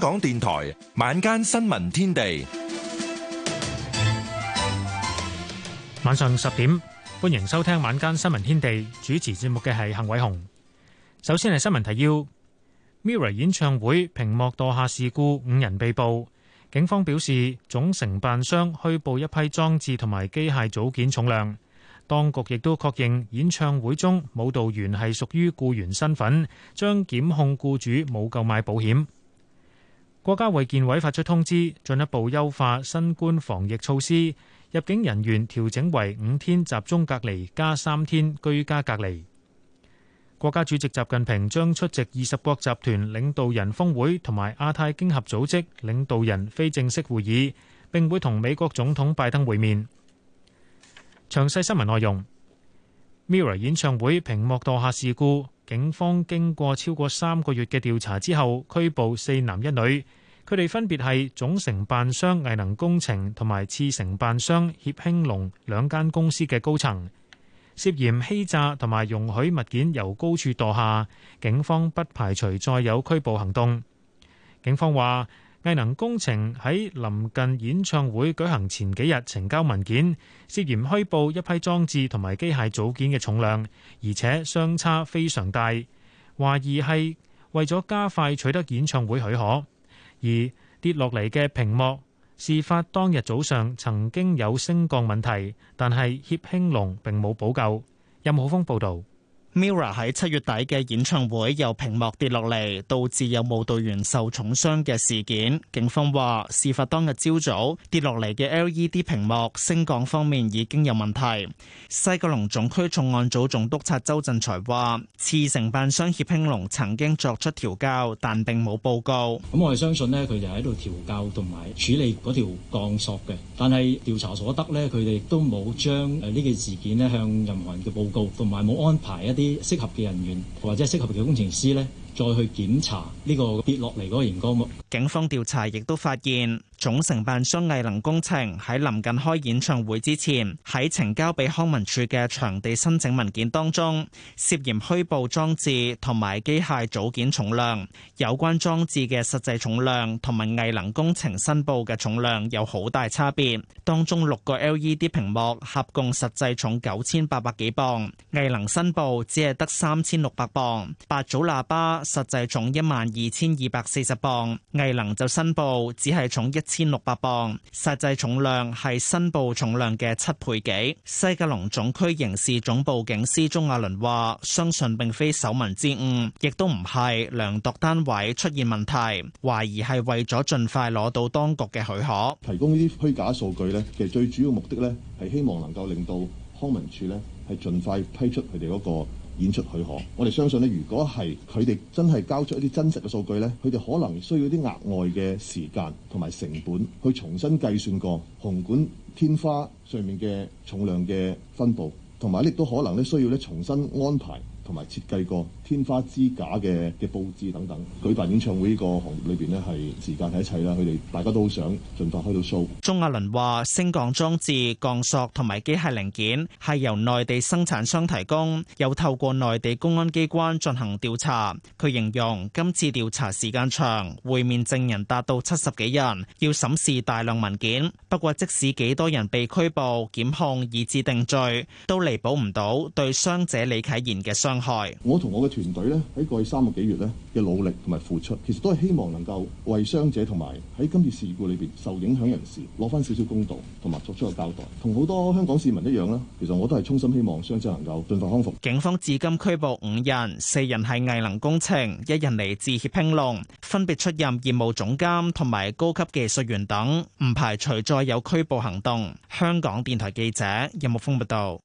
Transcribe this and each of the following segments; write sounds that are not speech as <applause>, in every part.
港電台晚間新聞天地，晚上十點，歡迎收聽晚間新聞天地。主持節目嘅係幸偉雄。首先係新聞提要：Mirror 演唱會屏幕墮下事故，五人被捕。警方表示，總承辦商虛報一批裝置同埋機械組件重量。當局亦都確認，演唱會中舞蹈員係屬於僱員身份，將檢控僱主冇購買保險。國家衛健委發出通知，進一步優化新冠防疫措施。入境人員調整為五天集中隔離加三天居家隔離。國家主席習近平將出席二十國集團領導人峰會同埋亞太經合組織領導人非正式會議，並會同美國總統拜登會面。詳細新聞內容。MIRROR 演唱會屏幕墮下事故。警方經過超過三個月嘅調查之後，拘捕四男一女，佢哋分別係總承辦商藝能工程同埋次承辦商協興隆兩間公司嘅高層，涉嫌欺詐同埋容許物件由高處墮下。警方不排除再有拘捕行動。警方話。藝能工程喺臨近演唱會舉行前幾日呈交文件，涉嫌虛報一批裝置同埋機械組件嘅重量，而且相差非常大，懷疑係為咗加快取得演唱會許可。而跌落嚟嘅屏幕，事發當日早上曾經有升降問題，但係協興龍並冇補救。任浩峰報道。MIRROR 喺七月底嘅演唱會由屏幕跌落嚟，導致有舞蹈員受重傷嘅事件。警方話，事發當日朝早，早跌落嚟嘅 LED 屏幕升降方面已經有問題。西九龍總區重案組總督察周振才話，次承辦商協興隆曾經作出調教，但並冇報告。咁我係相信咧，佢哋喺度調教同埋處理嗰條鋼索嘅。但係調查所得呢，佢哋都冇將誒呢件事件咧向任何人嘅報告，同埋冇安排一啲。啲適合嘅人員或者係適合嘅工程師咧，再去檢查呢個跌落嚟嗰個螢光幕。警方調查亦都發現，總承辦商藝能工程喺臨近開演唱會之前，喺呈交俾康文署嘅場地申請文件當中，涉嫌虛報裝置同埋機械組件重量。有關裝置嘅實際重量同埋藝能工程申報嘅重量有好大差別。當中六個 LED 屏幕，合共實際重九千八百幾磅，藝能申報只係得三千六百磅。八組喇叭實際重一萬二千二百四十磅，藝能就申報只係重一。千六百磅，實際重量係申報重量嘅七倍幾。西格隆總區刑事總部警司鍾亞倫話，相信並非手民之誤，亦都唔係量度單位出現問題，懷疑係為咗盡快攞到當局嘅許可，提供呢啲虛假數據咧，其實最主要目的咧，係希望能夠令到康文署咧，係盡快批出佢哋嗰個。演出許可，我哋相信咧，如果係佢哋真係交出一啲真實嘅數據咧，佢哋可能需要啲額外嘅時間同埋成本去重新計算過紅館天花上面嘅重量嘅分佈，同埋亦都可能咧需要咧重新安排。同埋設計過天花支架嘅嘅佈置等等，舉辦演唱會呢個行業裏邊咧係時間喺一齊啦。佢哋大家都好想盡快開到 show。鍾亞倫話：升降裝置、降索同埋機械零件係由內地生產商提供，又透過內地公安機關進行調查。佢形容今次調查時間長，會面證人達到七十幾人，要審視大量文件。不過即使幾多人被拘捕、檢控以至定罪，都彌補唔到對傷者李啟賢嘅傷。我同我嘅團隊咧喺過去三個幾月咧嘅努力同埋付出，其實都係希望能夠為傷者同埋喺今次事故裏邊受影響人士攞翻少少公道，同埋作出個交代。同好多香港市民一樣啦，其實我都係衷心希望傷者能夠盡快康復。警方至今拘捕五人，四人係藝能工程，一人嚟自協興隆，分別出任業務總監同埋高級技術員等，唔排除再有拘捕行動。香港電台記者任木峰報道。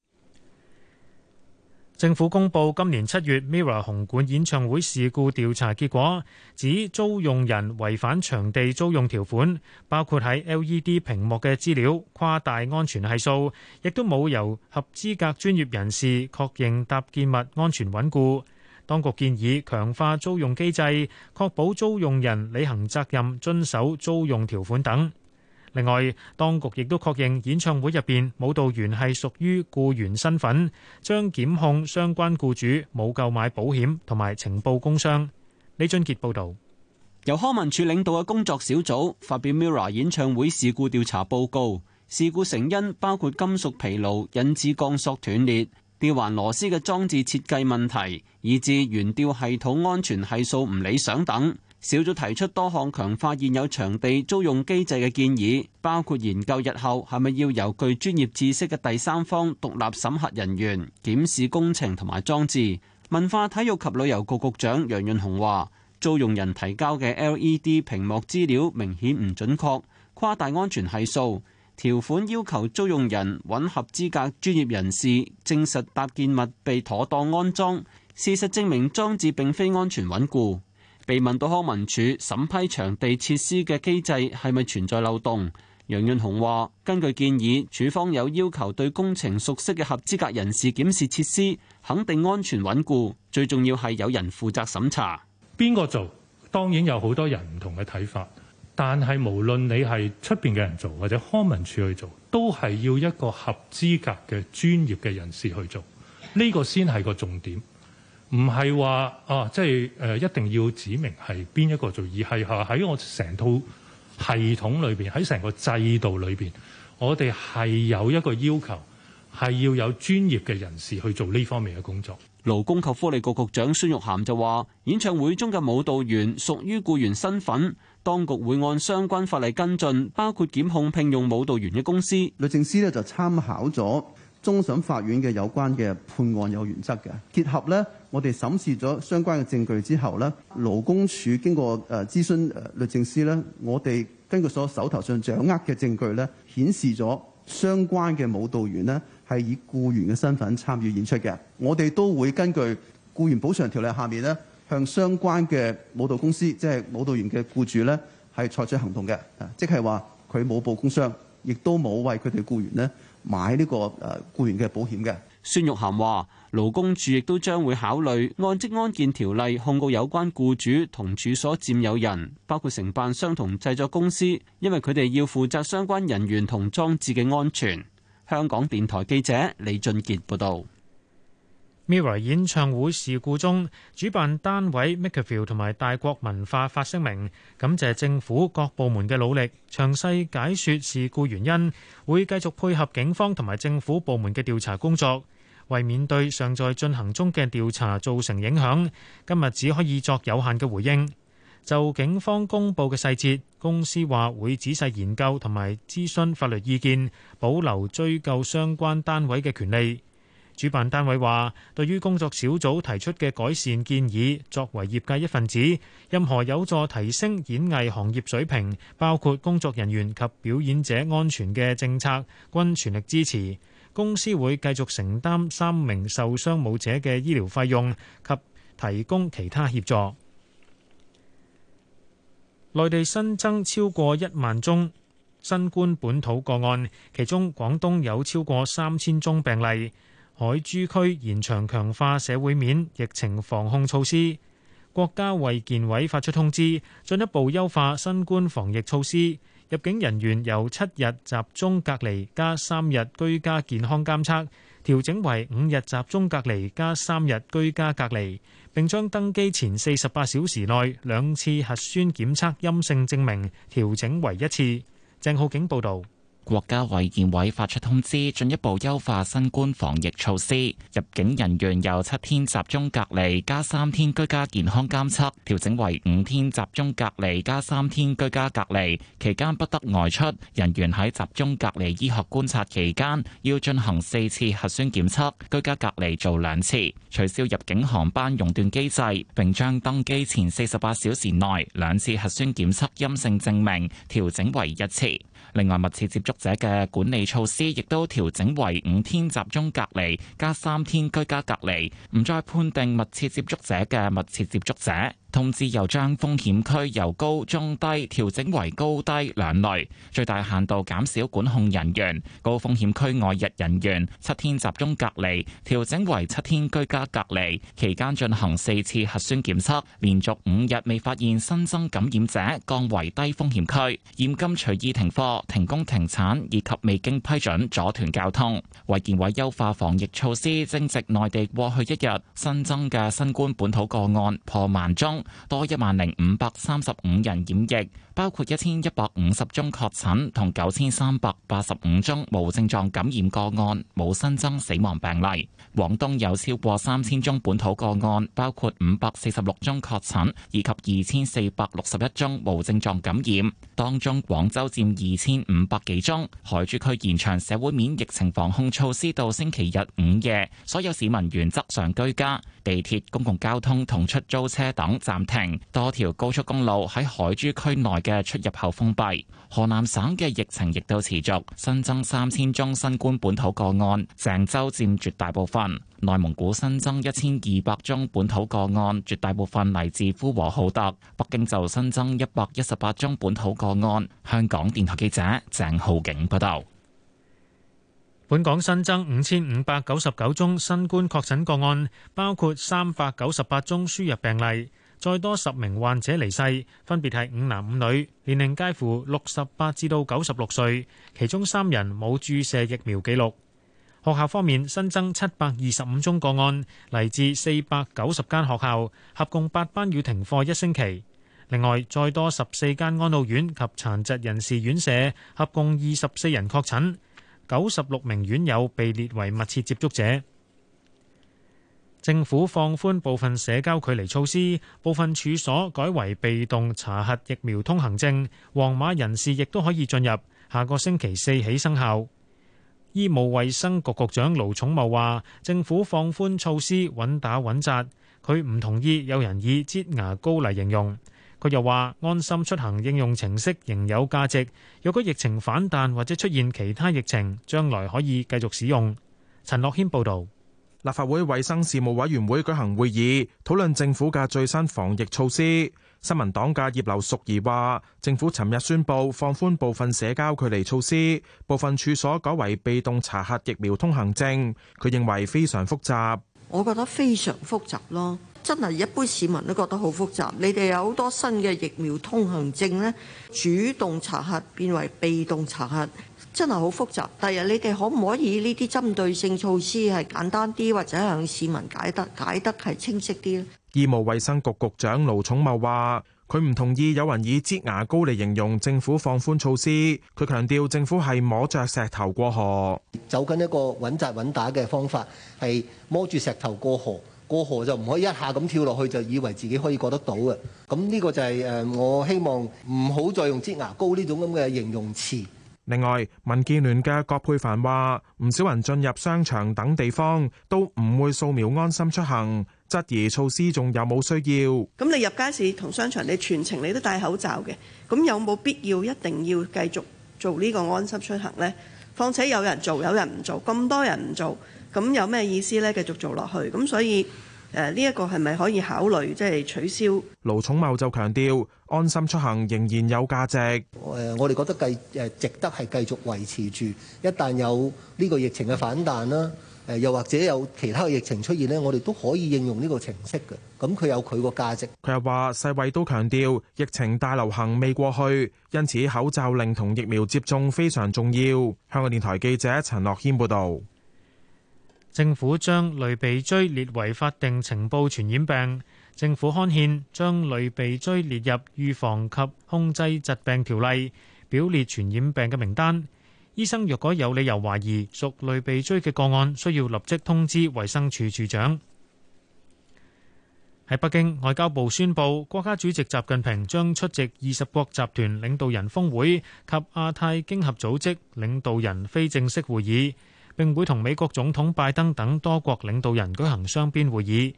政府公布今年七月 Mirror 紅館演唱會事故調查結果，指租用人違反場地租用條款，包括喺 LED 屏幕嘅資料誇大安全係數，亦都冇由合資格專業人士確認搭建物安全穩固。當局建議強化租用機制，確保租用人履行責任，遵守租用條款等。另外，當局亦都確認演唱會入邊舞蹈員係屬於僱員身份，將檢控相關雇主冇購買保險同埋情報工傷。李俊傑報導。由康文署領導嘅工作小組發表 MIRROR 演唱會事故調查報告，事故成因包括金屬疲勞引致鋼索斷裂、吊環螺絲嘅裝置設計問題，以致懸吊系統安全系數唔理想等。小組提出多項強化現有場地租用機制嘅建議，包括研究日後係咪要由具專業知識嘅第三方獨立審核人員檢視工程同埋裝置。文化體育及旅遊局局長楊潤雄話：租用人提交嘅 LED 屏幕資料明顯唔準確，誇大安全係數。條款要求租用人揾合資格專業人士證實搭建物被妥當安裝，事實證明裝置並非安全穩固。被問到康文署審批場地設施嘅機制係咪存在漏洞，楊潤雄話：根據建議，署方有要求對工程熟悉嘅合資格人士檢視設施，肯定安全穩固。最重要係有人負責審查，邊個做？當然有好多人唔同嘅睇法，但係無論你係出邊嘅人做，或者康文署去做，都係要一個合資格嘅專業嘅人士去做，呢、這個先係個重點。唔係話，啊，即係誒、呃、一定要指明係邊一個做，而係吓，喺我成套系統裏邊，喺成個制度裏邊，我哋係有一個要求，係要有專業嘅人士去做呢方面嘅工作。勞工及福利局局、局長孫玉菡就話演唱會中嘅舞蹈員屬於僱員身份，當局會按相關法例跟進，包括檢控聘用舞蹈員嘅公司。律政司咧就參考咗。終審法院嘅有關嘅判案有原則嘅，結合咧我哋審視咗相關嘅證據之後咧，勞工處經過誒諮詢律政司咧，我哋根據所手頭上掌握嘅證據咧，顯示咗相關嘅舞蹈員呢係以僱員嘅身份參與演出嘅，我哋都會根據僱員補償條例下面咧，向相關嘅舞蹈公司，即係舞蹈員嘅僱主咧，係採取行動嘅，即係話佢冇報工傷，亦都冇為佢哋僱員咧。買呢個誒僱員嘅保險嘅。孫玉涵話：勞工處亦都將會考慮按職安健條例控告有關僱主同處所佔有人，包括承辦商同製作公司，因為佢哋要負責相關人員同裝置嘅安全。香港電台記者李俊傑報道。Mirror 演唱會事故中，主辦單位 MakerVille 同埋大國文化發聲明，感謝政府各部門嘅努力，詳細解說事故原因，會繼續配合警方同埋政府部門嘅調查工作。為免對尚在進行中嘅調查造成影響，今日只可以作有限嘅回應。就警方公佈嘅細節，公司話會仔細研究同埋諮詢法律意見，保留追究相關單位嘅權利。主辦單位話，對於工作小組提出嘅改善建議，作為業界一份子，任何有助提升演藝行業水平，包括工作人員及表演者安全嘅政策，均全力支持。公司會繼續承擔三名受傷舞者嘅醫療費用及提供其他協助。內地新增超過一萬宗新冠本土個案，其中廣東有超過三千宗病例。海珠區延長強化社會面疫情防控措施，國家衛健委發出通知，進一步優化新冠防疫措施。入境人員由七日集中隔離加三日居家健康監測調整為五日集中隔離加三日居家隔離，並將登機前四十八小時內兩次核酸檢測陰性證明調整為一次。鄭浩景報導。國家衛健委發出通知，進一步優化新冠防疫措施。入境人員由七天集中隔離加三天居家健康監測，調整為五天集中隔離加三天居家隔離，期間不得外出。人員喺集中隔離醫學觀察期間，要進行四次核酸檢測，居家隔離做兩次。取消入境航班熔斷機制，並將登機前四十八小時內兩次核酸檢測陰性證明調整為一次。另外，密切接觸者嘅管理措施亦都調整為五天集中隔離加三天居家隔離，唔再判定密切接觸者嘅密切接觸者。通知又將風險區由高中低調整為高低兩類，最大限度減少管控人員。高風險區外日人員，七天集中隔離調整為七天居家隔離，期間進行四次核酸檢測，連續五日未發現新增感染者，降為低風險區。嚴禁隨意停課、停工、停產以及未經批准阻斷交通。衞健委優化防疫措施，正值內地過去一日新增嘅新冠本土個案破萬宗。多一萬零五百三十五人染疫，包括一千一百五十宗確診同九千三百八十五宗無症狀感染個案，冇新增死亡病例。廣東有超過三千宗本土個案，包括五百四十六宗確診以及二千四百六十一宗無症狀感染。當中廣州佔二千五百幾宗。海珠區延長社會面疫情防控措施到星期日午夜，所有市民原則上居家，地鐵、公共交通同出租車等暫停，多條高速公路喺海珠區內嘅出入口封閉。河南省嘅疫情亦都持續，新增三千宗新冠本土個案，鄭州佔絕大部分。內蒙古新增一千二百宗本土個案，絕大部分嚟自呼和浩特。北京就新增一百一十八宗本土個案。香港電台記者鄭浩景報道，本港新增五千五百九十九宗新冠確診個案，包括三百九十八宗輸入病例。再多十名患者離世，分別係五男五女，年齡介乎六十八至到九十六歲，其中三人冇注射疫苗記錄。學校方面新增七百二十五宗個案，嚟自四百九十間學校，合共八班要停課一星期。另外，再多十四間安老院及殘疾人士院舍，合共二十四人確診，九十六名院友被列為密切接觸者。政府放寬部分社交距離措施，部分處所改為被動查核疫苗通行證，黃碼人士亦都可以進入。下個星期四起生效。醫務衛生局局長盧寵茂話：政府放寬措施穩打穩紮，佢唔同意有人以擠牙膏嚟形容。佢又話：安心出行應用程式仍有價值，若果疫情反彈或者出現其他疫情，將來可以繼續使用。陳樂軒報導。立法會衛生事務委員會舉行會議，討論政府嘅最新防疫措施。新聞黨嘅葉劉淑儀話，政府尋日宣布放寬部分社交距離措施，部分處所改為被動查核疫苗通行證。佢認為非常複雜，我覺得非常複雜咯。真係一般市民都覺得好複雜，你哋有好多新嘅疫苗通行證咧，主動查核變為被動查核，真係好複雜。第日你哋可唔可以呢啲針對性措施係簡單啲，或者向市民解得解得係清晰啲咧？醫務衛生局局長盧寵茂話：佢唔同意有人以擠牙膏嚟形容政府放寬措施。佢強調政府係摸著石頭過河，走緊一個穩紮穩打嘅方法，係摸住石頭過河，過河就唔可以一下咁跳落去，就以為自己可以過得到嘅。咁呢個就係、是、誒，我希望唔好再用擠牙膏呢種咁嘅形容詞。另外，民建聯嘅葛珮帆話：唔少人進入商場等地方都唔會掃描安心出行，質疑措施仲有冇需要？咁你入街市同商場，你全程你都戴口罩嘅，咁有冇必要一定要繼續做呢個安心出行呢？況且有人做，有人唔做，咁多人唔做。咁有咩意思呢？繼續做落去咁，所以誒呢一個係咪可以考慮即係、就是、取消？盧寵茂就強調安心出行仍然有價值誒，我哋覺得繼誒值得係繼續維持住。一旦有呢個疫情嘅反彈啦，誒又或者有其他嘅疫情出現呢，我哋都可以應用呢個程式嘅。咁佢有佢個價值。佢又話：世衞都強調疫情大流行未過去，因此口罩令同疫苗接種非常重要。香港電台記者陳樂軒報導。政府將類鼻疽列為法定呈報傳染病。政府刊憲將類鼻疽列入預防及控制疾病條例表列傳染病嘅名單。醫生若果有理由懷疑屬類鼻疽嘅個案，需要立即通知衛生署署長。喺北京，外交部宣布，國家主席習近平將出席二十國集團領導人峰會及亞太經合組織領導人非正式會議。並會同美國總統拜登等多國領導人舉行雙邊會議。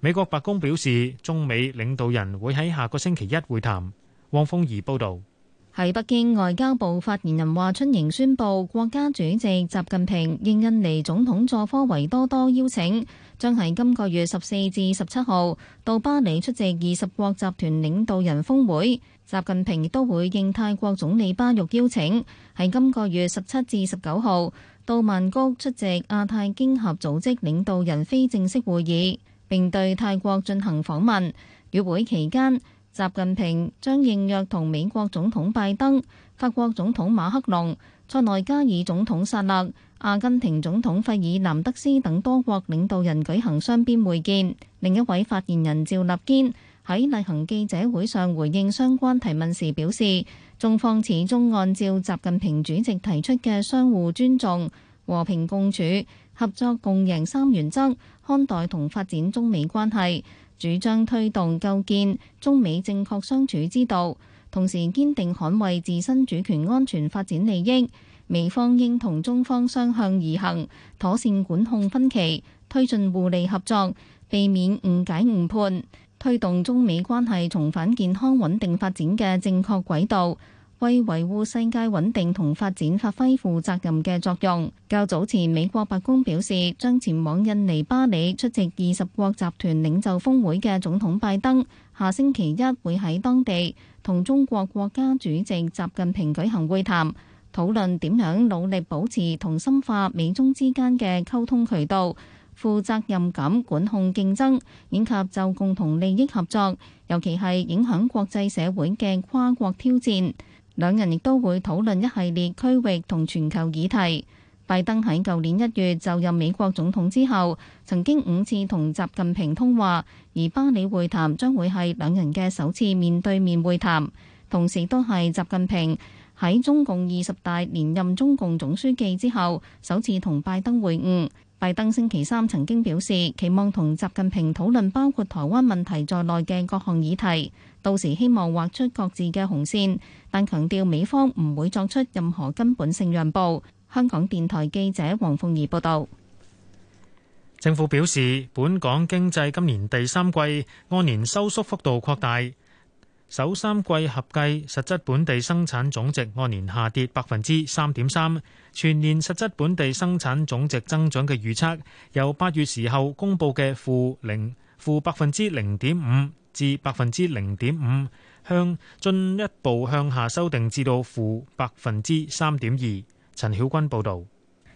美國白宮表示，中美領導人會喺下個星期一會談。汪峰儀報導。喺北京，外交部發言人華春瑩宣布，國家主席習近平應印尼總統佐科維多多邀請，將喺今個月十四至十七號到巴里出席二十國集團領導人峰會。習近平都會應泰國總理巴育邀請，喺今個月十七至十九號到曼谷出席亞太經合組織領導人非正式會議，並對泰國進行訪問。與會期間，習近平將應約同美國總統拜登、法國總統馬克龍、塞內加爾總統薩勒、阿根廷總統費爾南德斯等多國領導人舉行雙邊會見。另一位發言人趙立堅喺例行記者會上回應相關提問時表示，中方始終按照習近平主席提出嘅相互尊重、和平共處、合作共贏三原則看待同發展中美關係，主張推動構建中美正確相處之道，同時堅定捍衛自身主權、安全、發展利益。美方應同中方雙向而行，妥善管控分歧，推進互利合作，避免誤解誤判。推動中美關係重返健康穩定發展嘅正確軌道，為維護世界穩定同發展發揮負責任嘅作用。較早前，美國白宮表示，將前往印尼巴里出席二十國集團領袖峰會嘅總統拜登，下星期一會喺當地同中國國家主席習近平舉行會談，討論點樣努力保持同深化美中之間嘅溝通渠道。負責任感、管控競爭，以及就共同利益合作，尤其係影響國際社會嘅跨國挑戰。兩人亦都會討論一系列區域同全球議題。拜登喺舊年一月就任美國總統之後，曾經五次同習近平通話，而巴里會談將會係兩人嘅首次面對面會談，同時都係習近平喺中共二十大連任中共總書記之後，首次同拜登會晤。拜登星期三曾經表示，期望同習近平討論包括台灣問題在內嘅各項議題，到時希望劃出各自嘅紅線，但強調美方唔會作出任何根本性讓步。香港電台記者黃鳳儀報導。政府表示，本港經濟今年第三季按年收縮幅度擴大。首三季合計實質本地生產總值按年下跌百分之三點三，全年實質本地生產總值增長嘅預測由八月時候公布嘅負零負百分之零點五至百分之零點五，向進一步向下修訂至到負百分之三點二。陳曉君報道。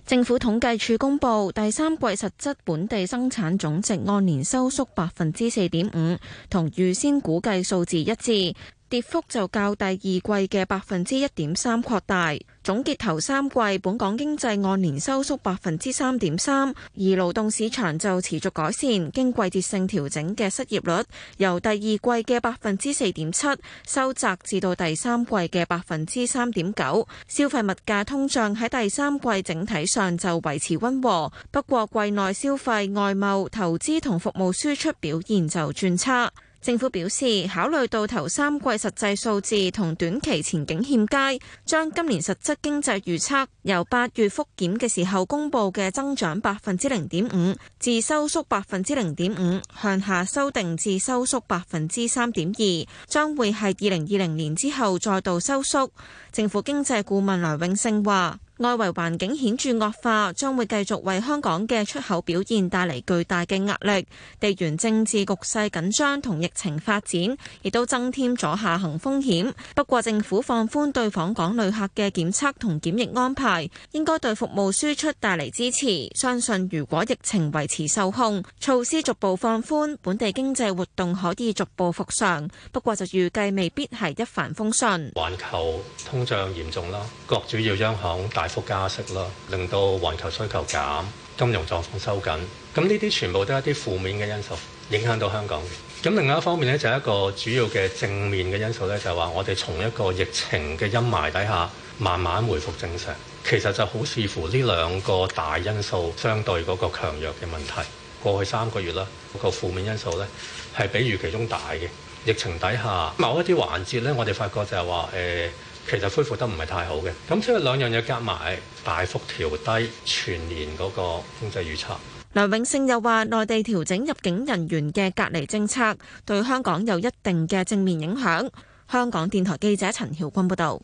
政府統計處公布第三季實質本地生產總值按年收縮百分之四點五，同預先估計數字一致。跌幅就較第二季嘅百分之一點三擴大。總結頭三季，本港經濟按年收縮百分之三點三，而勞動市場就持續改善。經季節性調整嘅失業率由第二季嘅百分之四點七收窄至到第三季嘅百分之三點九。消費物價通脹喺第三季整體上就維持溫和，不過季內消費、外貿、投資同服務輸出表現就轉差。政府表示，考慮到頭三季實際數字同短期前景欠佳，將今年實質經濟預測由八月復檢嘅時候公布嘅增長百分之零點五，至收縮百分之零點五向下修訂至收縮百分之三點二，將會係，二零二零年之後再度收縮。政府經濟顧問梁永勝話外圍環境顯著惡化，將會繼續為香港嘅出口表現帶嚟巨大嘅壓力。地緣政治局勢緊張同疫情發展，亦都增添咗下行風險。不過，政府放寬對訪港旅客嘅檢測同檢疫安排，應該對服務輸出帶嚟支持。相信如果疫情維持受控，措施逐步放寬，本地經濟活動可以逐步復常。不過，就預計未必係一帆風順。環球通脹嚴重啦，各主要央行大幅加息啦，令到環球需求減，金融狀況收緊，咁呢啲全部都係一啲負面嘅因素，影響到香港。咁另外一方面咧，就係、是、一個主要嘅正面嘅因素咧，就係、是、話我哋從一個疫情嘅陰霾底下慢慢回復正常。其實就好視乎呢兩個大因素相對嗰個強弱嘅問題。過去三個月啦，那個負面因素咧係比預期中大嘅疫情底下某一啲環節咧，我哋發覺就係話誒。呃其實恢復得唔係太好嘅，咁所以兩樣嘢夾埋大幅調低全年嗰個經濟預測。梁永勝又話，內地調整入境人員嘅隔離政策，對香港有一定嘅正面影響。香港電台記者陳曉君報導。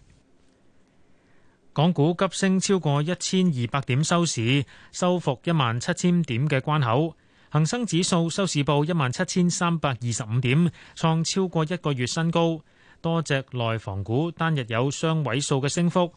港股急升超過一千二百點收市，收復一萬七千點嘅關口。恒生指數收市報一萬七千三百二十五點，創超過一個月新高。多隻內房股單日有雙位數嘅升幅，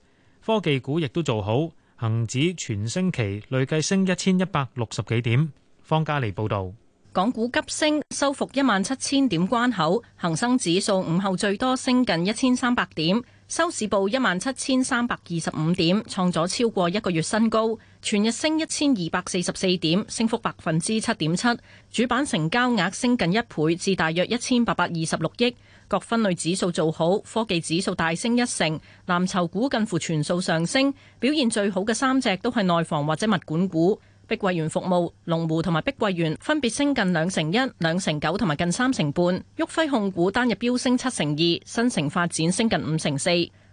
科技股亦都做好，恒指全星期累計升一千一百六十幾點。方嘉利報導，港股急升，收復一萬七千點關口，恒生指數午後最多升近一千三百點，收市報一萬七千三百二十五點，創咗超過一個月新高，全日升一千二百四十四點，升幅百分之七點七，主板成交額升近一倍至大約一千八百二十六億。各分類指數做好，科技指數大升一成，藍籌股近乎全數上升，表現最好嘅三隻都係內房或者物管股，碧桂園服務、龍湖同埋碧桂園分別升近兩成一、兩成九同埋近三成半。旭輝控股單日飆升七成二，新城發展升近五成四。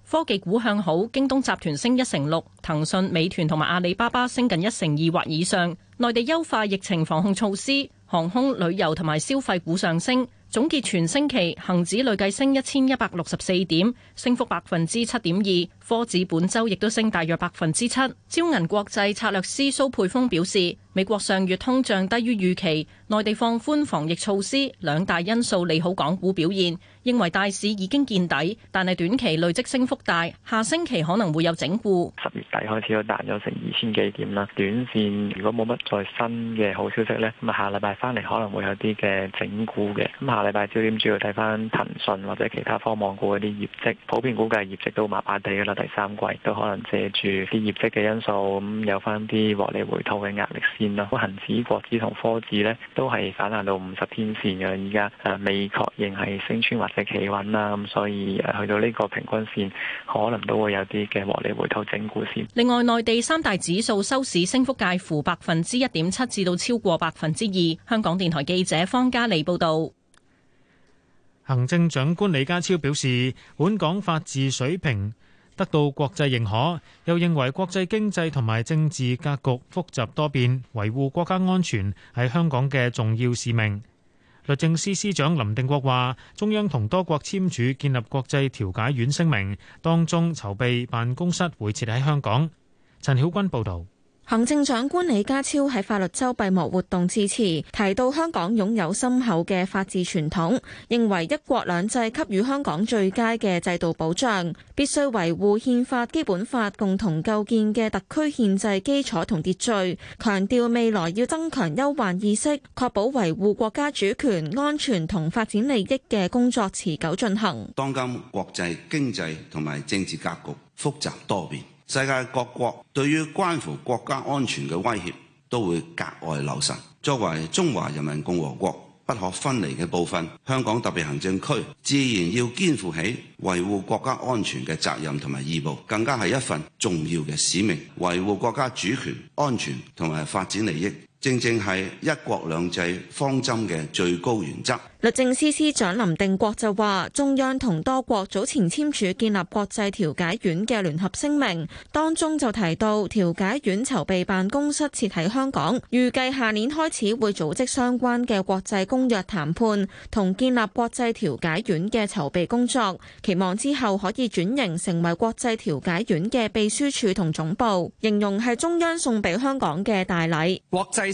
科技股向好，京東集團升一成六，騰訊、美團同埋阿里巴巴升近一成二或以上。內地優化疫情防控措施，航空、旅遊同埋消費股上升。總結全星期，恒指累計升一千一百六十四點，升幅百分之七點二。科指本周亦都升大約百分之七。招銀國際策略師蘇佩峰表示。美國上月通脹低於預期，內地放寬防疫措施，兩大因素利好港股表現。認為大市已經見底，但係短期累積升幅大，下星期可能會有整固。十月底開始都彈咗成二千幾點啦。短線如果冇乜再新嘅好消息呢，咁啊下禮拜翻嚟可能會有啲嘅整固嘅。咁下禮拜焦點主要睇翻騰訊或者其他科網股嗰啲業績，普遍估計業績都麻麻地㗎喇。第三季都可能借住啲業績嘅因素，咁有翻啲獲利回吐嘅壓力恆指、國指同科指咧，都係反彈到五十天線嘅，而家誒未確認係升穿或者企穩啦，咁所以去到呢個平均線，可能都會有啲嘅獲利回吐整固線。另外，內地三大指數收市升幅介乎百分之一點七至到超過百分之二。香港電台記者方嘉利報道。行政長官李家超表示，本港法治水平，得到國際認可，又認為國際經濟同埋政治格局複雜多變，維護國家安全係香港嘅重要使命。律政司司長林定國話：中央同多國簽署建立國際調解院聲明，當中籌備辦公室會設喺香港。陳曉君報導。行政長官李家超喺法律週閉幕活動致辭，提到香港擁有深厚嘅法治傳統，認為一國兩制給予香港最佳嘅制度保障，必須維護憲法、基本法共同構建嘅特區憲制基礎同秩序，強調未來要增強憂患意識，確保維護國家主權、安全同發展利益嘅工作持久進行。當今國際經濟同埋政治格局複雜多變。世界各國對於關乎國家安全嘅威脅，都會格外留神。作為中華人民共和國不可分離嘅部分，香港特別行政區自然要肩負起維護國家安全嘅責任同埋義務，更加係一份重要嘅使命，維護國家主權、安全同埋發展利益。正正係一國兩制方針嘅最高原則。律政司司長林定國就話：中央同多國早前簽署建立國際調解院嘅聯合聲明，當中就提到調解院籌備辦公室設喺香港，預計下年開始會組織相關嘅國際公約談判，同建立國際調解院嘅籌備工作，期望之後可以轉型成為國際調解院嘅秘書處同總部，形容係中央送畀香港嘅大禮。國際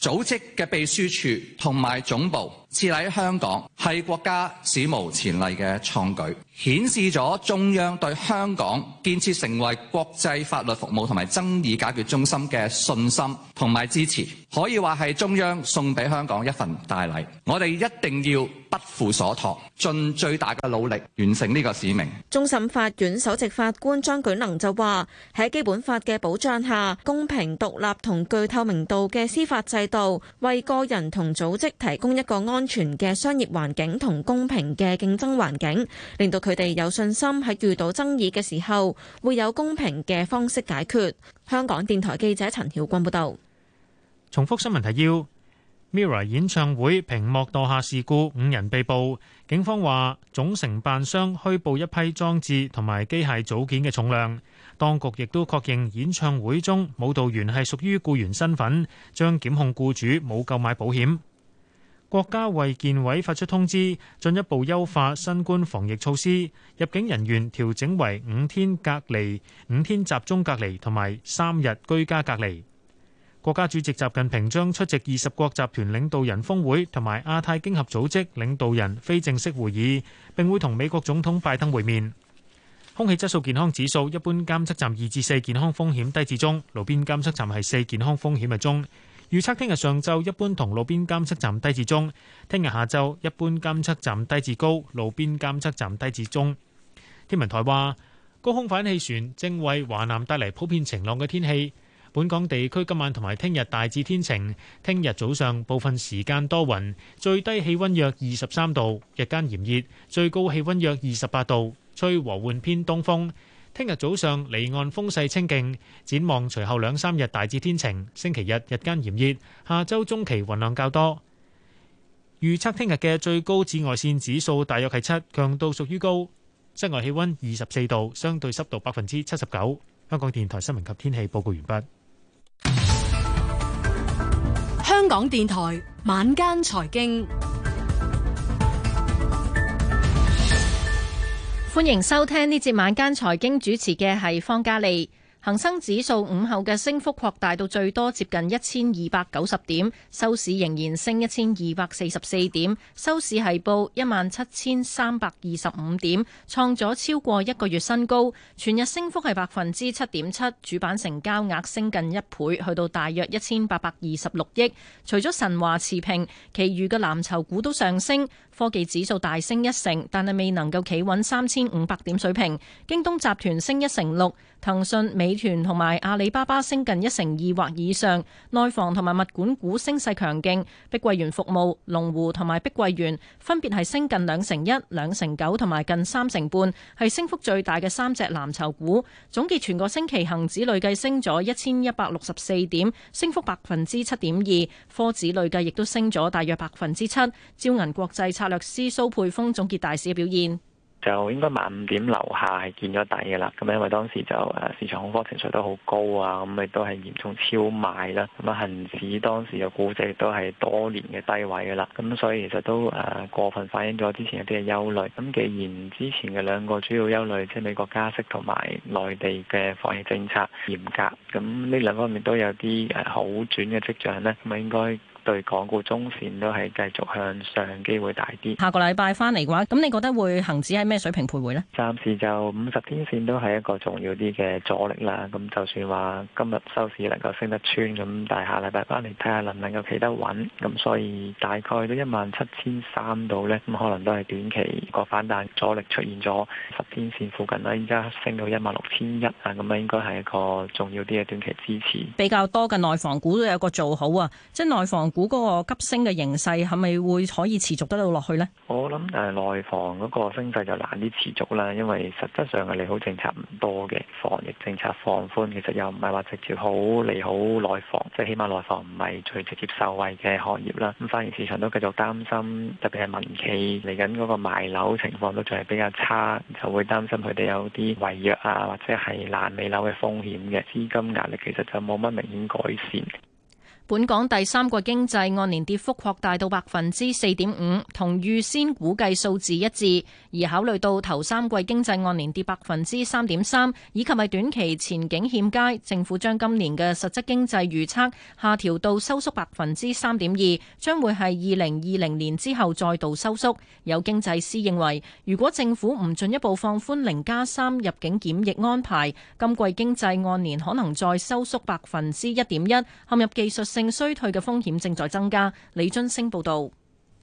組織嘅秘書處同埋總部設立喺香港，係國家史無前例嘅創舉，顯示咗中央對香港建設成為國際法律服務同埋爭議解決中心嘅信心同埋支持，可以話係中央送俾香港一份大禮。我哋一定要不負所託，盡最大嘅努力完成呢個使命。終審法院首席法官張舉能就話：喺基本法嘅保障下，公平獨立同具透明度嘅司法制度，度為個人同組織提供一個安全嘅商業環境同公平嘅競爭環境，令到佢哋有信心喺遇到爭議嘅時候會有公平嘅方式解決。香港電台記者陳曉君報道。重複新聞提要：MIRROR 演唱會屏幕墮下事故，五人被捕。警方話總承辦商虛報一批裝置同埋機械組件嘅重量。當局亦都確認演唱會中舞蹈員係屬於僱員身份，將檢控僱主冇購買保險。國家衛健委發出通知，進一步優化新冠防疫措施，入境人員調整為五天隔離、五天集中隔離同埋三日居家隔離。國家主席習近平將出席二十國集團領導人峰會同埋亞太經合組織領導人非正式會議，並會同美國總統拜登會面。空氣質素健康指數，一般監測站二至四，健康風險低至中；路邊監測站係四，健康風險係中。預測聽日上晝一般同路邊監測站低至中，聽日下晝一般監測站低至高，路邊監測站低至中。天文台話，高空反氣旋正為華南帶嚟普遍晴朗嘅天氣。本港地區今晚同埋聽日大致天晴，聽日早上部分時間多雲，最低氣温約二十三度，日間炎熱，最高氣温約二十八度。吹和緩偏東風，聽日早上離岸風勢清勁，展望隨後兩三日大致天晴。星期日日間炎熱，下周中期雲量較多。預測聽日嘅最高紫外線指數大約係七，強度屬於高。室外氣溫二十四度，相對濕度百分之七十九。香港電台新聞及天氣報告完畢。香港電台晚間財經。歡迎收聽呢節晚間財經主持嘅係方嘉利。恒生指數午後嘅升幅擴大到最多接近一千二百九十點，收市仍然升一千二百四十四點，收市係報一萬七千三百二十五點，創咗超過一個月新高。全日升幅係百分之七點七，主板成交額升近一倍，去到大約一千八百二十六億。除咗神華持平，其餘嘅藍籌股都上升。科技指數大升一成，但係未能夠企穩三千五百點水平。京東集團升一成六，騰訊、美團同埋阿里巴巴升近一成二或以上。內房同埋物管股升勢強勁，碧桂園服務、龍湖同埋碧桂園分別係升近兩成一、兩成九同埋近三成半，係升幅最大嘅三隻藍籌股。總結全個星期恒指累計升咗一千一百六十四點，升幅百分之七點二。科指累計亦都升咗大約百分之七。招銀國際。法律師蘇佩峰總結大市嘅表現，就應該萬五點樓下係見咗底嘅啦。咁因為當時就誒、啊、市場恐慌情緒都好高啊，咁亦都係嚴重超賣啦。咁啊，恒指當時嘅估值亦都係多年嘅低位嘅啦。咁所以其實都誒、啊、過分反映咗之前一啲嘅憂慮。咁既然之前嘅兩個主要憂慮，即、就、係、是、美國加息同埋內地嘅防疫政策嚴格，咁呢兩方面都有啲誒好轉嘅跡象咧，咁啊應該。對港股中線都係繼續向上機會大啲。下個禮拜翻嚟嘅話，咁你覺得會恆指喺咩水平徘徊呢？暫時就五十天線都係一個重要啲嘅阻力啦。咁就算話今日收市能夠升得穿，咁但係下禮拜翻嚟睇下能唔能夠企得穩。咁所以大概都一萬七千三度呢。咁可能都係短期個反彈阻力出現咗十天線附近啦。而家升到一萬六千一啊，咁啊應該係一個重要啲嘅短期支持。比較多嘅內房股都有個做好啊，即係內房股嗰個急升嘅形勢係咪會可以持續得到落去呢？我諗誒、呃、內房嗰個升勢就難啲持續啦，因為實質上嘅利好政策唔多嘅，防疫政策放寬其實又唔係話直接好利好內房，即係起碼內房唔係最直接受惠嘅行業啦。咁反而市場都繼續擔心，特別係民企嚟緊嗰個賣樓情況都仲係比較差，就會擔心佢哋有啲違約啊或者係爛尾樓嘅風險嘅資金壓力，其實就冇乜明顯改善。本港第三季經濟按年跌幅擴大到百分之四點五，同預先估計數字一致。而考慮到頭三季經濟按年跌百分之三點三，以及係短期前景欠佳，政府將今年嘅實質經濟預測下調到收縮百分之三點二，將會喺二零二零年之後再度收縮。有經濟師認為，如果政府唔進一步放寬零加三入境檢疫安排，今季經濟按年可能再收縮百分之一點一，陷入技術正衰退嘅風險正在增加。李俊升報道。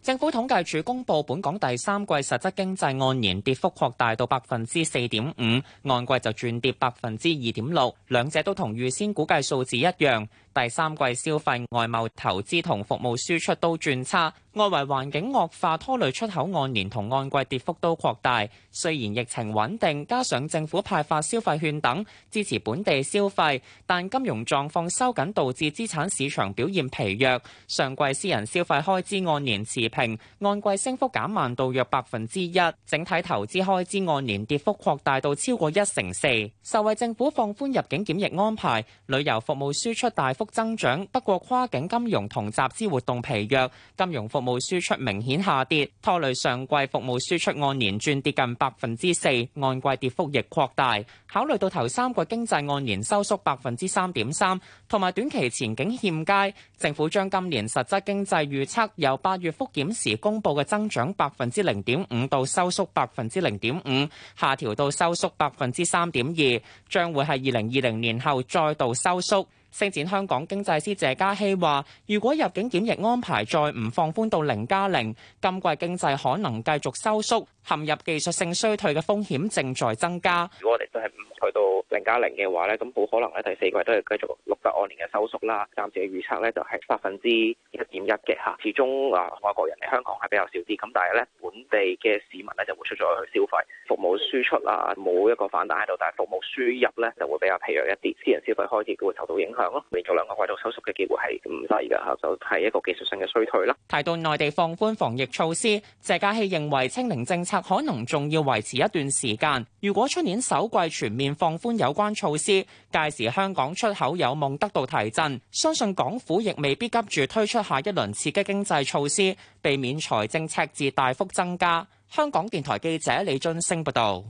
政府統計處公布本港第三季實質經濟按年跌幅擴大到百分之四點五，按季就轉跌百分之二點六，兩者都同預先估計數字一樣。第三季消費外貿投資同服務輸出都轉差，外圍環境惡化拖累出口按年同按季跌幅都擴大。雖然疫情穩定，加上政府派發消費券等支持本地消費，但金融狀況收緊導致資產市場表現疲弱。上季私人消費開支按年持平，按季升幅減慢到約百分之一，整體投資開支按年跌幅擴大到超過一成四。受惠政府放寬入境檢疫安排，旅遊服務輸出大幅增長，不過跨境金融同集資活動疲弱，金融服務輸出明顯下跌，拖累上季服務輸出按年轉跌近百分之四，按季跌幅亦擴大。考慮到頭三個月經濟按年收縮百分之三點三，同埋短期前景欠佳，政府將今年實質經濟預測由八月複檢時公布嘅增長百分之零點五到收縮百分之零點五，下調到收縮百分之三點二，將會喺二零二零年後再度收縮。星展香港經濟師謝家希話，如果入境檢疫安排再唔放寬到零加零，今季經濟可能繼續收縮。陷入技術性衰退嘅風險正在增加。如果我哋都係唔去到零加零嘅話咧，咁好可能咧第四季都係繼續錄得按年嘅收縮啦。暫時嘅預測咧就係百分之一點一嘅嚇。始終啊，外國人嚟香港係比較少啲。咁但係咧本地嘅市民咧就會出咗去消費，服務輸出啊，冇一個反彈喺度。但係服務輸入咧就會比較疲弱一啲。私人消費開支都會受到影響咯。連續兩個季度收縮嘅機會係唔低㗎嚇，就係、是、一個技術性嘅衰退啦。提到內地放寬防疫措施，謝嘉希認為清零政策，可能仲要維持一段時間。如果出年首季全面放寬有關措施，屆時香港出口有望得到提振。相信港府亦未必急住推出下一輪刺激經濟措施，避免財政赤字大幅增加。香港電台記者李津升報道：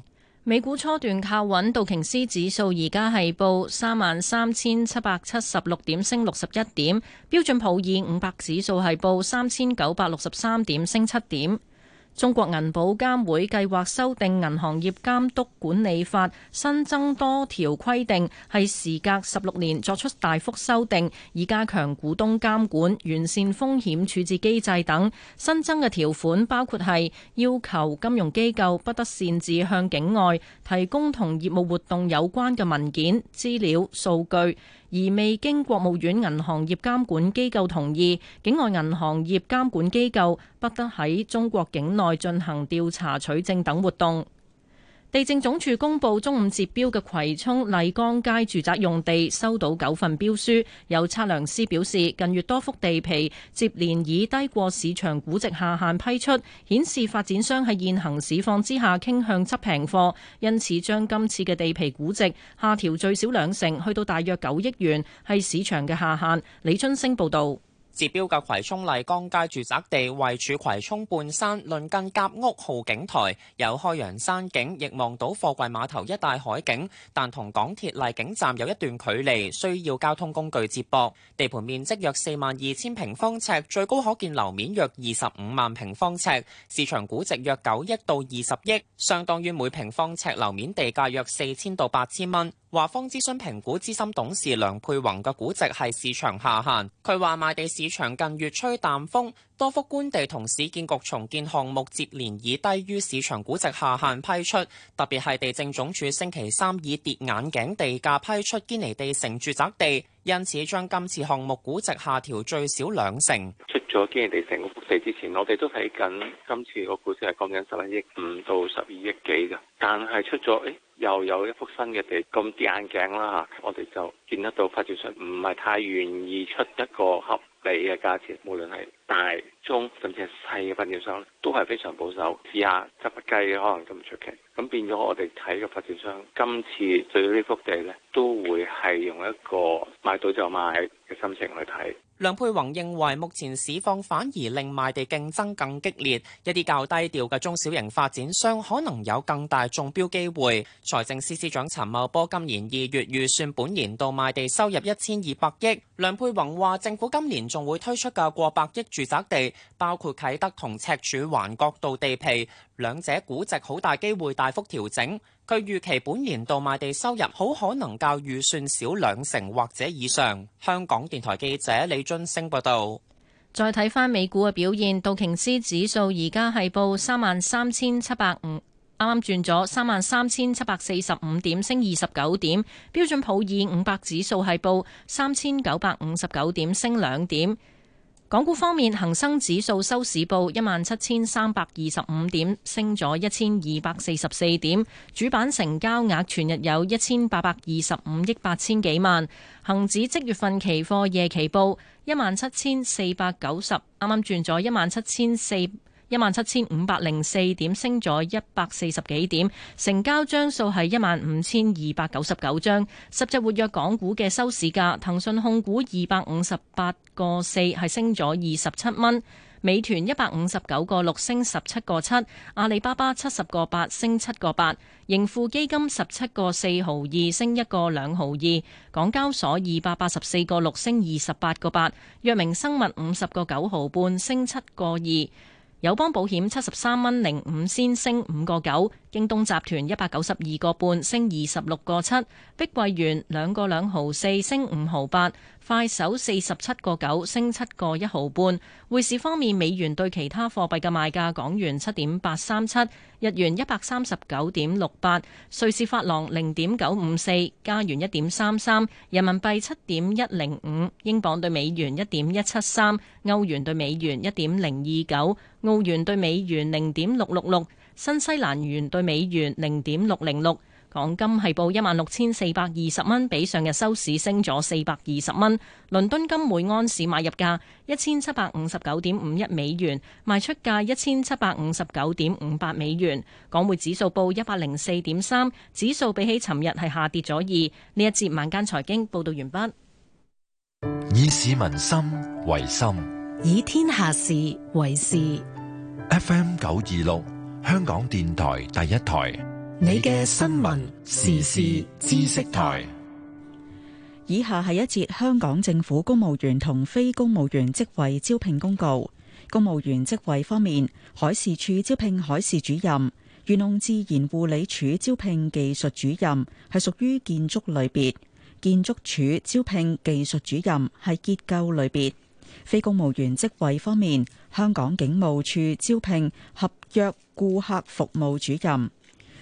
美股初段靠穩，道瓊斯指數而家係報三萬三千七百七十六點，升六十一點。標準普爾五百指數係報三千九百六十三點，升七點。中國銀保監會計劃修訂銀行業監督管理法，新增多條規定，係時隔十六年作出大幅修訂，以加強股東監管、完善風險處置機制等。新增嘅條款包括係要求金融機構不得擅自向境外提供同業務活動有關嘅文件、資料、數據。而未經國務院銀行業監管機構同意，境外銀行業監管機構不得喺中國境內進行調查、取證等活動。地政總署公布，中午截標嘅葵涌麗江街住宅用地收到九份標書。有測量師表示，近月多幅地皮接連以低過市場估值下限批出，顯示發展商喺現行市況之下傾向執平貨，因此將今次嘅地皮估值下調最少兩成，去到大約九億元，係市場嘅下限。李春升報道。截標嘅葵涌荔崗街住宅地位處葵涌半山，鄰近夾屋浩景臺，有開揚山景、亦望到貨櫃碼頭一帶海景，但同港鐵荔景站有一段距離，需要交通工具接駁。地盤面積約四萬二千平方尺，最高可建樓面約二十五萬平方尺，市場估值約九億到二十億，相當於每平方尺樓面地價約四千到八千蚊。華方諮詢評估資深董事梁佩宏嘅估值係市場下限。佢話賣地市場近月吹淡風。多幅官地同市建局重建項目接連以低於市場估值下限批出，特別係地政總署星期三以跌眼鏡地價批出堅尼地城住宅地，因此將今次項目估值下調最少兩成。出咗堅尼地城幅地之前，我哋都睇緊今次個估值係講緊十一億五到十二億幾噶，但係出咗，誒，又有一幅新嘅地咁跌眼鏡啦吓，我哋就見得到發展商唔係太願意出一個合。你嘅價錢，無論係大、中甚至係細嘅發展商，都係非常保守。試下執雞，可能都唔出奇。咁變咗，我哋睇個發展商今次對呢幅地咧，都會係用一個買到就買嘅心情去睇。梁佩宏認為，目前市況反而令賣地競爭更激烈，一啲較低調嘅中小型發展商可能有更大中標機會。財政司司長陳茂波今年二月預算，本年度賣地收入一千二百億。梁佩宏話，政府今年仲會推出嘅過百億住宅地，包括啟德同赤柱環角道地皮，兩者估值好大機會大幅調整。佢預期本年度賣地收入好可能較預算少兩成或者以上。香港電台記者李津升報道。再睇返美股嘅表現，道瓊斯指數而家係報三萬三千七百五，啱啱轉咗三萬三千七百四十五點，升二十九點。標準普爾五百指數係報三千九百五十九點，升兩點。港股方面，恒生指數收市報一萬七千三百二十五點，升咗一千二百四十四點，主板成交額全日有一千八百二十五億八千幾萬。恒指即月份期貨夜期報一萬七千四百九十，啱啱轉咗一萬七千四。一萬七千五百零四點升咗一百四十幾點，成交張數係一萬五千二百九十九張。十隻活躍港股嘅收市價，騰訊控股二百五十八個四係升咗二十七蚊，美團一百五十九個六升十七個七，阿里巴巴七十個八升七個八，盈富基金十七個四毫二升一個兩毫二，港交所二百八十四個六升二十八個八，藥明生物五十個九毫半升七個二。友邦保險七十三蚊零五先升五個九，京東集團一百九十二個半升二十六個七，碧桂園兩個兩毫四升五毫八。快手四十七個九，升七個一毫半。匯市方面，美元對其他貨幣嘅賣價：港元七點八三七，日元一百三十九點六八，瑞士法郎零點九五四，加元一點三三，人民幣七點一零五，英鎊對美元一點一七三，歐元對美元一點零二九，澳元對美元零點六六六，新西蘭元對美元零點六零六。港金係報一萬六千四百二十蚊，比上日收市升咗四百二十蚊。倫敦金每安士買入價一千七百五十九點五一美元，賣出價一千七百五十九點五八美元。港匯指數報一百零四點三，指數比起尋日係下跌咗二。呢一節晚間財經報道完畢。以市民心為心，以天下事為事。FM 九二六，香港電台第一台。你嘅新聞時事知識台，以下係一節香港政府公務員同非公務員職位招聘公告。公務員職位方面，海事處招聘海事主任；漁農自然護理處招聘技術主任，係屬於建築類別；建築處招聘技術主任，係結構類別。非公務員職位方面，香港警務處招聘合約顧客服務主任。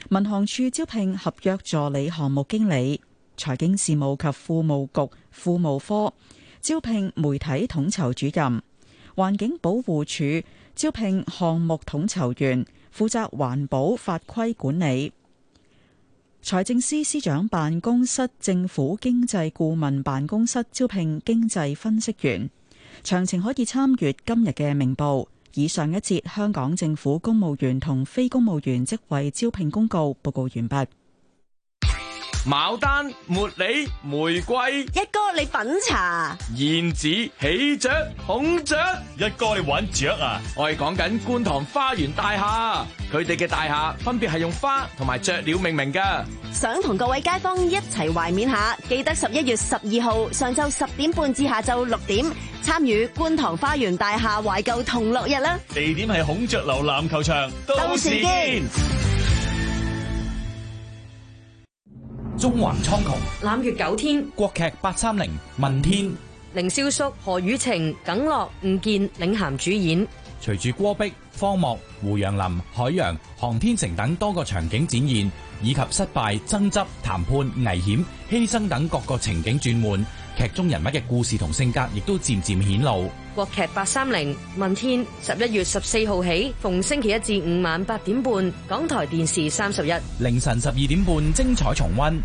民航處招聘合約助理項目經理，財經事務及庫務局庫務科招聘媒體統籌主任，環境保護署招聘項目統籌員，負責環保法規管理。財政司司長辦公室政府經濟顧問辦公室招聘經濟分析員，詳情可以參閱今日嘅明報。以上一節，香港政府公務員同非公務員職位招聘公告報告完畢。牡丹、茉莉、玫瑰，一哥你品茶。燕子、喜雀、孔雀，一哥你玩雀啊！我係講緊觀塘花園大廈，佢哋嘅大廈分別係用花同埋雀鳥命名噶。想同各位街坊一齊懷緬下，記得十一月十二號上晝十點半至下晝六點，參與觀塘花園大廈懷舊同樂日啦！地點係孔雀樓籃球場，到時，到時見。中環蒼穹攬月九天，國劇八三零，問天，凌瀟肅、何雨晴、耿樂、吳健、領銜主演。隨住戈壁、荒漠、胡楊林、海洋、航天城等多個場景展現。以及失敗、爭執、談判、危險、犧牲等各個情景轉換，劇中人物嘅故事同性格亦都漸漸顯露。國劇八三零問天，十一月十四號起，逢星期一至五晚八點半，港台電視三十一，凌晨十二點半精彩重溫。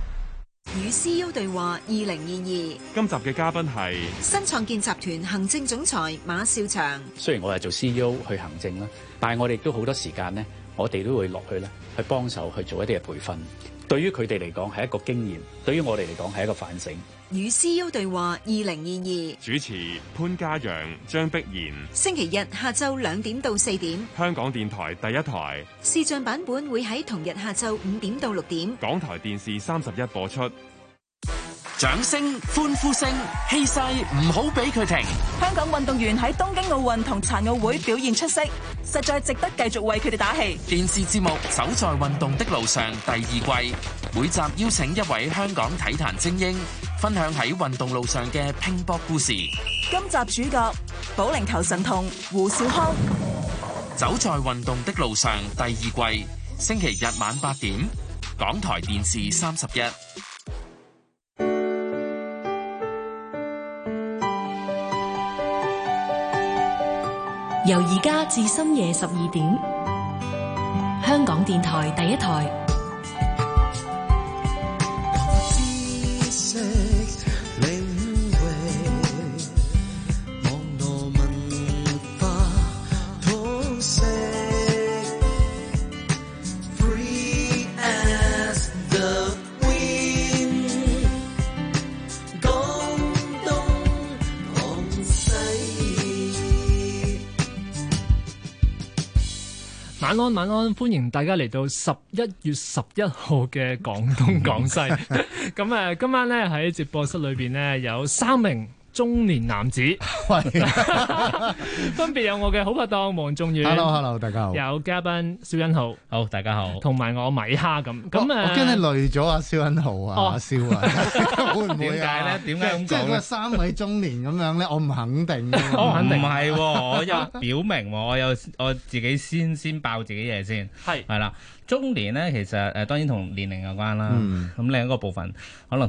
與 CEO 對話二零二二，今集嘅嘉賓係新創建集團行政總裁馬紹祥。雖然我係做 CEO 去行政啦，但係我哋都好多時間咧，我哋都會落去咧。去幫手去做一啲嘅培訓，對於佢哋嚟講係一個經驗，對於我哋嚟講係一個反省。與 CEO 對話二零二二，主持潘嘉揚、張碧然。星期日下晝兩點到四點，香港電台第一台視像版本會喺同日下晝五點到六點，港台電視三十一播出。掌聲、歡呼聲、氣勢，唔好俾佢停。香港運動員喺東京奧運同殘奧會表現出色，實在值得繼續為佢哋打氣。電視節目《走在運動的路上》第二季，每集邀請一位香港體壇精英，分享喺運動路上嘅拼搏故事。今集主角：保齡球神童胡兆康。走在運動的路上第二季，星期日晚八點，港台電視三十一。由而家至深夜十二點，香港電台第一台。晚安，晚安！歡迎大家嚟到十一月十一號嘅廣東廣 <laughs> 廣西。咁誒，今晚咧喺直播室裏邊咧有三名。中年男子，喂，分別有我嘅好拍檔黃仲元，Hello Hello，大家好，有嘉賓蕭欣浩。好大家好，同埋我米哈咁，咁啊，我驚你累咗阿蕭欣浩啊，蕭啊，會唔會啊？點解咧？點解咁講？即係三位中年咁樣咧？我唔肯定，我肯定，我唔係，我有表明，我有我自己先先爆自己嘢先，係係啦。中年咧，其實誒當然同年齡有關啦，咁另一個部分可能。